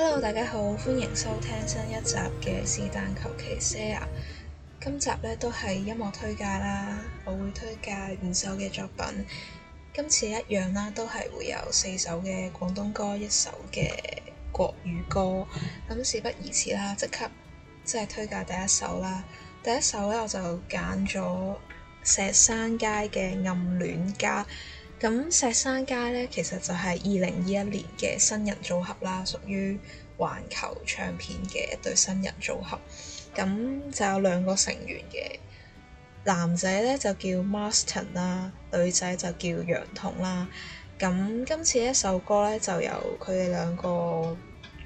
Hello，大家好，歡迎收聽新一集嘅是但求其 share。今集咧，都係音樂推介啦，我會推介五首嘅作品。今次一樣啦，都係會有四首嘅廣東歌，一首嘅國語歌。咁、嗯、事不宜遲啦，即刻即係推介第一首啦。第一首咧，我就揀咗石山街嘅暗戀家。咁石山街咧，其實就係二零二一年嘅新人組合啦，屬於環球唱片嘅一對新人組合。咁就有兩個成員嘅男仔咧，就叫 Martin 啦，女仔就叫楊彤啦。咁今次一首歌咧，就由佢哋兩個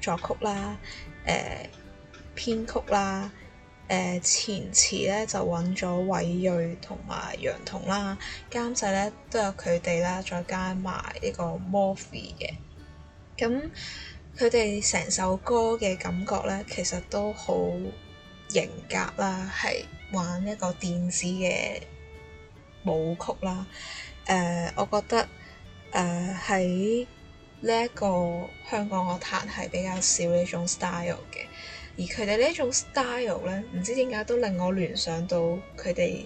作曲啦，誒、呃、編曲啦。前詞咧就揾咗韋睿同埋楊彤啦，監製咧都有佢哋啦，再加埋呢個 Morphy 嘅。咁佢哋成首歌嘅感覺咧，其實都好型格啦，係玩一個電子嘅舞曲啦。誒、呃，我覺得誒喺呢一個香港樂壇係比較少呢種 style 嘅。而佢哋呢一種 style 咧，唔知點解都令我聯想到佢哋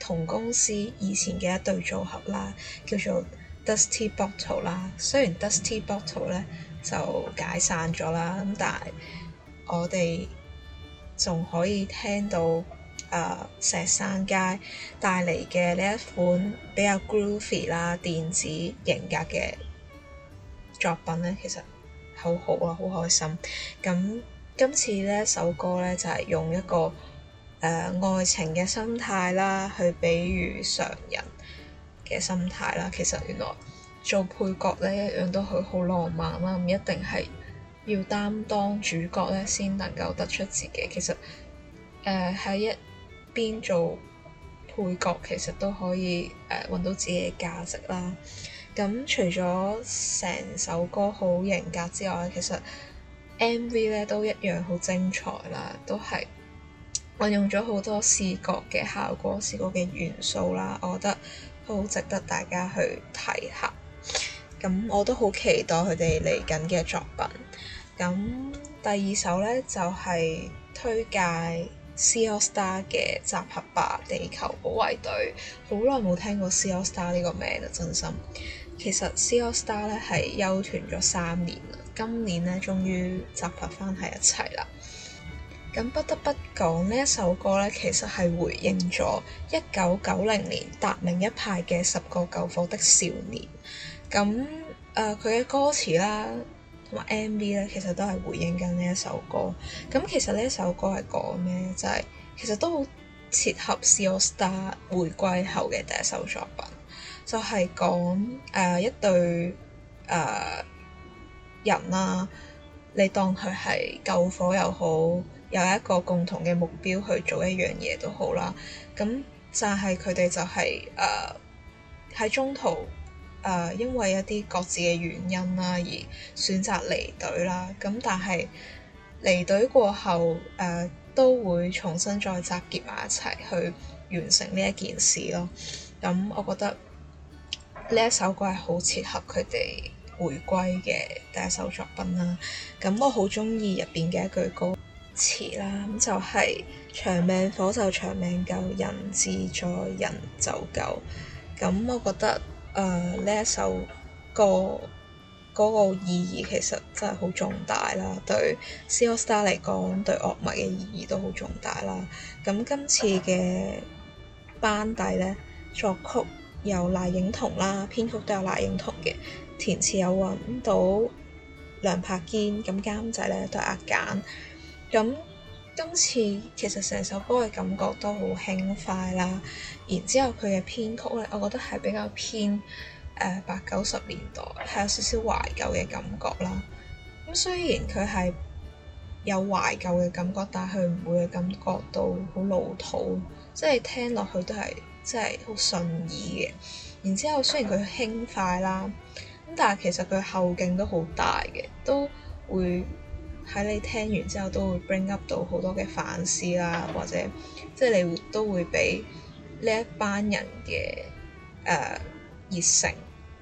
同公司以前嘅一對組合啦，叫做 Dusty Bottle 啦。雖然 Dusty Bottle 咧就解散咗啦，咁但係我哋仲可以聽到誒、呃、石山街帶嚟嘅呢一款比較 groovy 啦電子型格嘅作品咧，其實好好啊，好開心咁。今次呢首歌呢，就係、是、用一個誒、呃、愛情嘅心態啦，去比喻常人嘅心態啦。其實原來做配角呢，一樣都好浪漫啦，唔、嗯、一定係要擔當主角呢先能夠突出自己。其實誒喺、呃、一邊做配角，其實都可以誒揾、呃、到自己嘅價值啦。咁、嗯、除咗成首歌好型格之外，其實～M.V 咧都一樣好精彩啦，都係運用咗好多視覺嘅效果、視覺嘅元素啦，我覺得好值得大家去睇下。咁我都好期待佢哋嚟緊嘅作品。咁第二首呢，就係、是、推介 C AllStar 嘅集合吧，《地球保衛隊》。好耐冇聽過 C AllStar 呢個名啦，真心。其實 C AllStar 呢係休團咗三年啦。今年咧，終於集合返喺一齊啦。咁不得不講，呢一首歌咧，其實係回應咗一九九零年達明一派嘅《十個救火的少年》。咁誒，佢、呃、嘅歌詞啦，同埋 M.V. 咧，其實都係回應緊呢一首歌。咁其實呢一首歌係講咩？就係、是、其實都好切合 C AllStar 回歸後嘅第一首作品，就係講誒一對誒。呃人啦、啊，你當佢係救火又好，有一個共同嘅目標去做一樣嘢都好啦。咁就係佢哋就係誒喺中途誒、呃，因為一啲各自嘅原因啦而選擇離隊啦。咁但係離隊過後誒、呃，都會重新再集結埋一齊去完成呢一件事咯。咁我覺得呢一首歌係好切合佢哋。回歸嘅第一首作品啦，咁我好中意入邊嘅一句歌詞啦，咁就係、是、長命火就長命救人自在人就救」。咁我覺得誒呢、呃、一首歌嗰、那個意義其實真係好重大啦，對 C AllStar 嚟講，對樂迷嘅意義都好重大啦。咁今次嘅班底呢，作曲有賴影彤啦，編曲都有賴影彤嘅。填詞有揾到梁柏堅，咁監製咧，都係阿簡。咁今次其實成首歌嘅感覺都好輕快啦。然之後佢嘅編曲咧，我覺得係比較偏誒八九十年代，係有少少懷舊嘅感覺啦。咁雖然佢係有懷舊嘅感覺，但係佢唔會感覺到好老土，即係聽落去都係即係好順耳嘅。然之後雖然佢輕快啦。但係其實佢後勁都好大嘅，都會喺你聽完之後都會 bring up 到好多嘅反思啦，或者即係你都會俾呢一班人嘅誒、呃、熱誠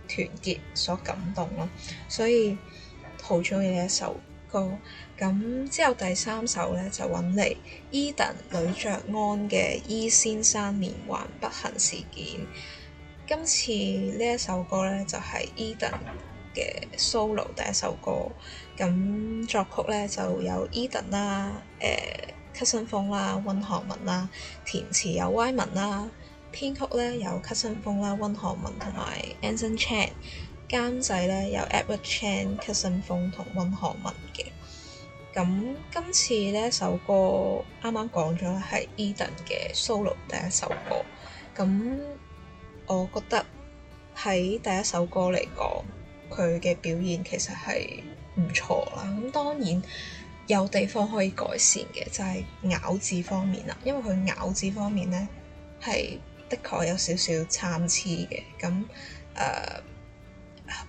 團結所感動咯，所以好中意一首歌。咁之後第三首呢，就揾嚟 Edan 呂爵安嘅《E 先生連環不幸事件》。今次呢一首歌呢，就係 Edan 嘅 solo 第一首歌，咁作曲呢，就有 Edan 啦、啊、誒 Cousin 風啦、溫漢文啦，填詞有、w、Wyman 啦，編曲呢，有 Cousin 風啦、溫漢文同埋 Anson Chan，監製呢，有 Edward Chan、Cousin 風同溫漢文嘅。咁今次呢一首歌啱啱講咗係 Edan 嘅 solo 第一首歌，咁。我覺得喺第一首歌嚟講，佢嘅表現其實係唔錯啦。咁當然有地方可以改善嘅，就係咬字方面啦。因為佢咬字方面呢，係的確有少少參差嘅。咁誒、呃，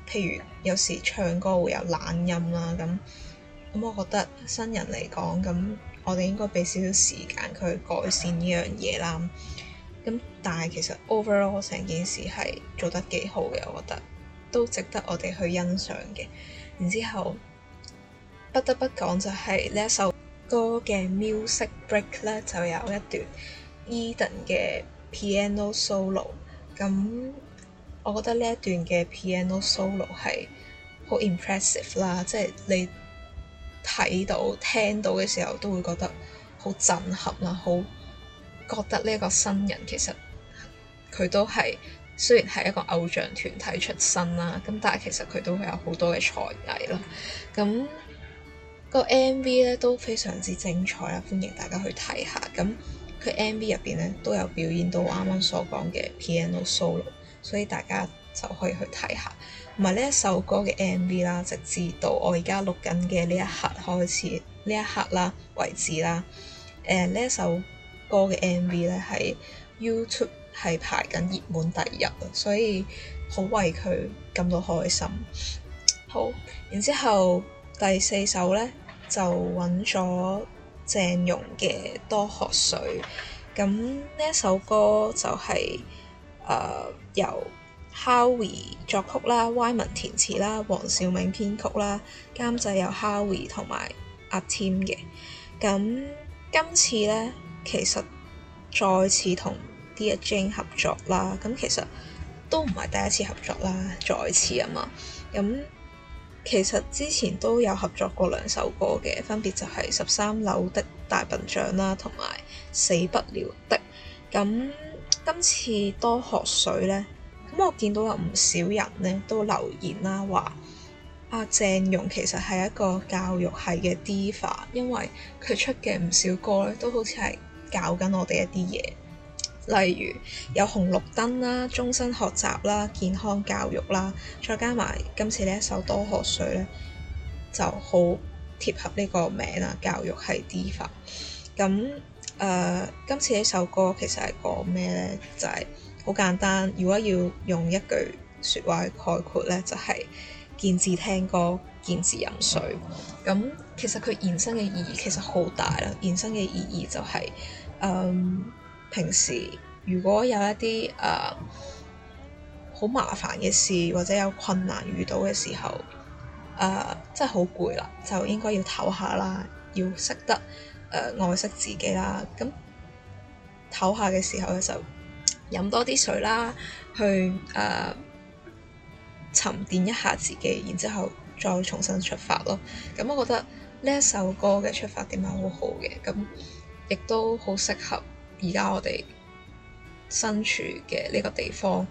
譬如有時唱歌會有懶音啦。咁咁，我覺得新人嚟講，咁我哋應該俾少少時間佢改善呢樣嘢啦。咁但係其實 overall 成件事係做得幾好嘅，我覺得都值得我哋去欣賞嘅。然之後不得不講就係呢一首歌嘅 music break 咧，就有一段 Edan 嘅 piano solo。咁我覺得呢一段嘅 piano solo 係好 impressive 啦，即係你睇到聽到嘅時候都會覺得好震撼啦，好～覺得呢一個新人其實佢都係雖然係一個偶像團體出身啦，咁但係其實佢都會有好多嘅才藝啦。咁個 M V 咧都非常之精彩啦，歡迎大家去睇下。咁佢 M V 入邊咧都有表現到啱啱所講嘅 piano solo，所以大家就可以去睇下。同埋呢一首歌嘅 M V 啦，直至到我而家錄緊嘅呢一刻開始，呢一刻啦為止啦，誒呢一首歌嘅 M.V 咧喺 YouTube 係排緊熱門第一啊，所以好為佢感到開心。好，然後之後第四首呢，就揾咗鄭融嘅《多喝水》。咁呢一首歌就係、是呃、由 Howie 作曲啦、Wyman 填詞啦、黃小明編曲啦，監製由 Howie 同埋阿 Tim 嘅。咁今次呢。其實再次同 Dear Jane 合作啦，咁其實都唔係第一次合作啦，再次啊嘛。咁、嗯、其實之前都有合作過兩首歌嘅，分別就係十三樓的大笨象啦，同埋死不了的。咁、嗯、今次多喝水呢？咁、嗯、我見到有唔少人呢都留言啦，話阿鄭融其實係一個教育系嘅 Diva，因為佢出嘅唔少歌咧都好似係。教緊我哋一啲嘢，例如有紅綠燈啦、終身學習啦、健康教育啦，再加埋今次呢一首多喝水咧，就好貼合呢個名啊！教育係啲化。咁誒、呃，今次呢首歌其實係講咩呢？就係、是、好簡單。如果要用一句説話去概括呢，就係、是、見字聽歌，見字飲水。咁其實佢延伸嘅意義其實好大啦。延伸嘅意義就係、是。Um, 平時如果有一啲誒好麻煩嘅事，或者有困難遇到嘅時候，誒、uh, 真係好攰啦，就應該要唞下啦，要識得誒、uh, 愛惜自己啦。咁唞下嘅時候咧，就飲多啲水啦，去誒、uh, 沉澱一下自己，然之後再重新出發咯。咁我覺得呢一首歌嘅出發點係好好嘅，咁。亦都好適合而家我哋身處嘅呢個地方，呢、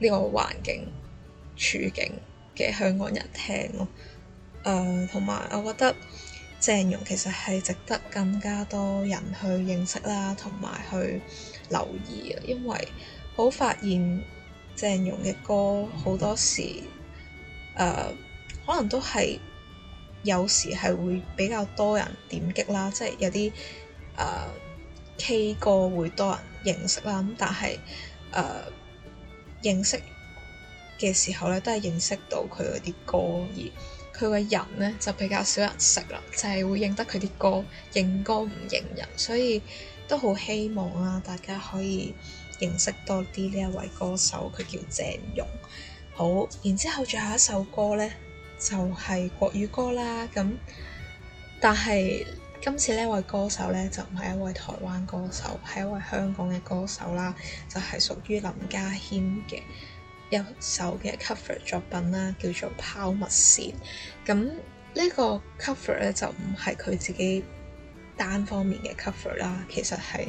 這個環境處境嘅香港人聽咯、哦。誒、呃，同埋我覺得鄭融其實係值得更加多人去認識啦，同埋去留意啊，因為好發現鄭融嘅歌好多時誒、呃，可能都係有時係會比較多人點擊啦，即係有啲。Uh, K 歌會多人認識啦，咁但係誒、uh, 認識嘅時候咧，都係認識到佢嗰啲歌，而佢個人咧就比較少人識啦，就係、是、會認得佢啲歌，認歌唔認人，所以都好希望啦、啊，大家可以認識多啲呢一位歌手，佢叫鄭融。好，然之後最後一首歌咧就係、是、國語歌啦，咁但係。今次呢位歌手呢，就唔係一位台灣歌手，係一位香港嘅歌手啦，就係屬於林家謙嘅一首嘅 cover 作品啦，叫做《拋物線》。咁呢個 cover 咧就唔係佢自己單方面嘅 cover 啦，其實係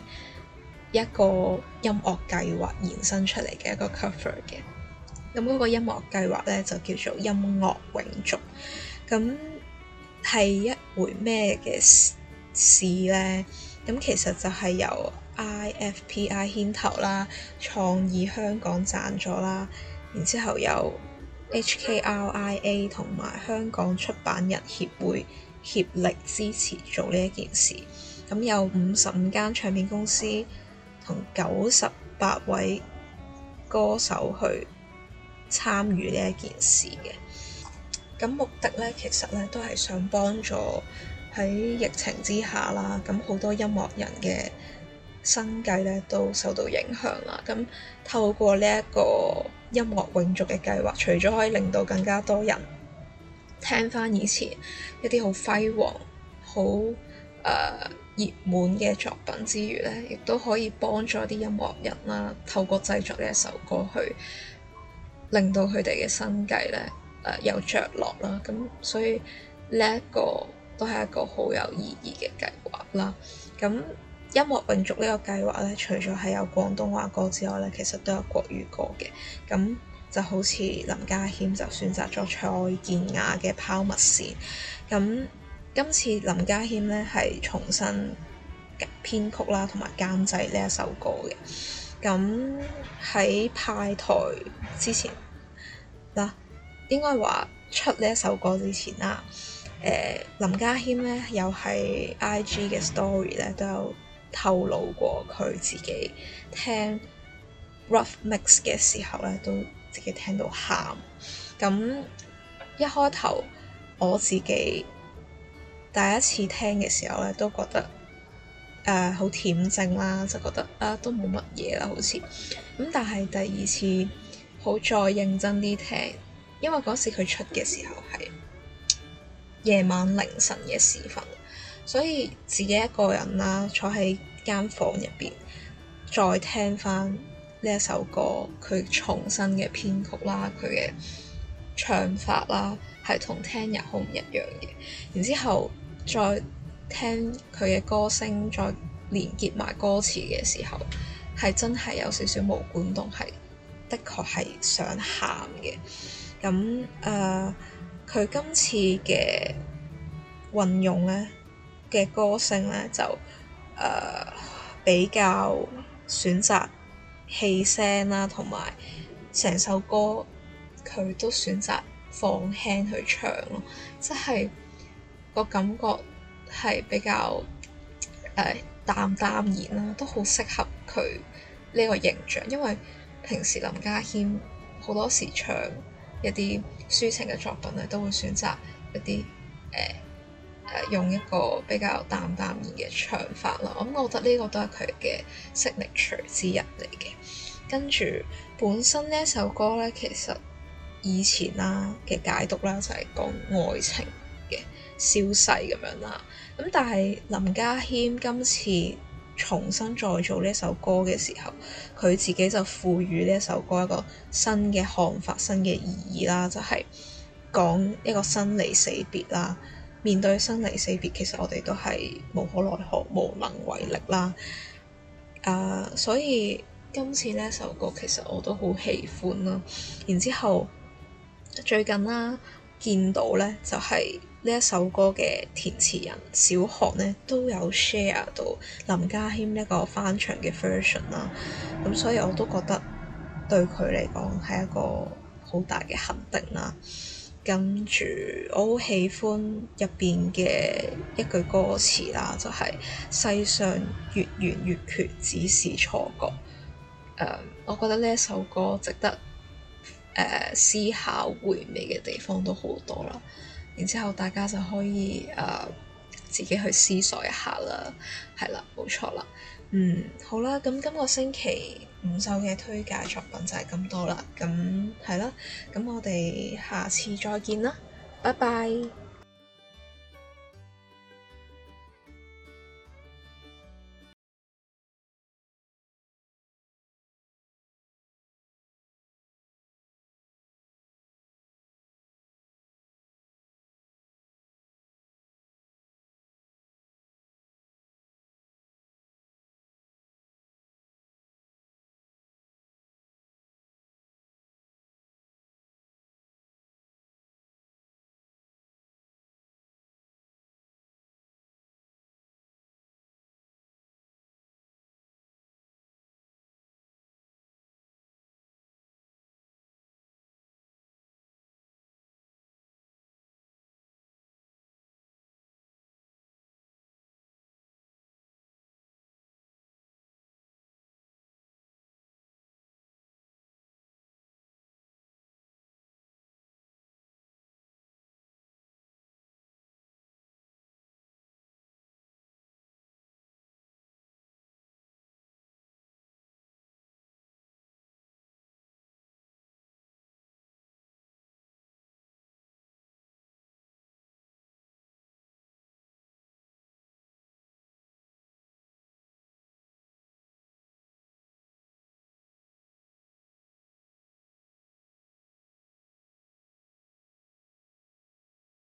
一個音樂計劃延伸出嚟嘅一個 cover 嘅。咁嗰個音樂計劃呢，就叫做《音樂永續》。咁係一回咩嘅事咧，咁其實就係由 IFPI 牽頭啦，創意香港贊助啦，然之後有 HKRIA 同埋香港出版人協會協力支持做呢一件事，咁有五十五間唱片公司同九十八位歌手去參與呢一件事嘅，咁目的咧其實咧都係想幫助喺疫情之下啦，咁好多音樂人嘅生計咧都受到影響啦。咁透過呢一個音樂永續嘅計劃，除咗可以令到更加多人聽翻以前一啲好輝煌、好誒、呃、熱門嘅作品之餘咧，亦都可以幫助啲音樂人啦。透過製作呢一首歌去令到佢哋嘅生計咧誒、呃、有着落啦。咁所以呢一個都係一個好有意義嘅計劃啦。咁音樂永續呢個計劃咧，除咗係有廣東話歌之外咧，其實都有國語歌嘅。咁就好似林家謙就選擇咗蔡健雅嘅《拋物線》。咁今次林家謙咧係重新編曲啦，同埋監製呢一首歌嘅。咁喺派台之前嗱，應該話出呢一首歌之前啦。Uh, 林家謙咧，又喺 IG 嘅 story 咧都有透露過，佢自己聽 rough mix 嘅時候咧，都自己聽到喊。咁一開頭我自己第一次聽嘅時候咧，都覺得誒好恬靜啦，就覺得啊、呃、都冇乜嘢啦，好似咁。但係第二次好再認真啲聽，因為嗰時佢出嘅時候係夜晚凌晨嘅時分，所以自己一個人啦，坐喺間房入邊，再聽翻呢一首歌，佢重新嘅編曲啦，佢嘅唱法啦，係同聽日好唔一樣嘅。然之後再聽佢嘅歌聲，再連結埋歌詞嘅時候，係真係有少少毛管戙，係的確係想喊嘅。咁誒。呃佢今次嘅運用咧嘅歌聲咧就誒、呃、比較選擇氣聲啦，同埋成首歌佢都選擇放輕去唱咯，即係、個感覺係比較誒、呃、淡淡然啦，都好適合佢呢個形象，因為平時林家謙好多時唱。一啲抒情嘅作品咧，都會選擇一啲誒誒用一個比較淡淡然嘅唱法啦。咁 我覺得呢個都係佢嘅 signature 之一嚟嘅。跟住本身呢一首歌咧，其實以前啦嘅解讀啦就係講愛情嘅消逝咁樣啦。咁但係林家謙今次，重新再做呢首歌嘅時候，佢自己就賦予呢首歌一個新嘅看法、新嘅意義啦，就係、是、講一個生離死別啦。面對生離死別，其實我哋都係無可奈何、無能為力啦。誒、呃，所以今次呢首歌，其實我都好喜歡啦。然之後最近啦、啊，見到呢就係、是。呢一首歌嘅填詞人小學呢都有 share 到林家謙呢個翻唱嘅 version 啦，咁所以我都覺得對佢嚟講係一個好大嘅肯定啦。跟住我好喜歡入邊嘅一句歌詞啦，就係、是、世上月圓月缺只是錯覺。呃、我覺得呢一首歌值得、呃、思考回味嘅地方都好多啦。然之後，大家就可以誒、呃、自己去思索一下啦。係啦，冇錯啦。嗯，好啦，咁今個星期五首嘅推介作品就係咁多啦。咁係啦，咁我哋下次再見啦，拜拜。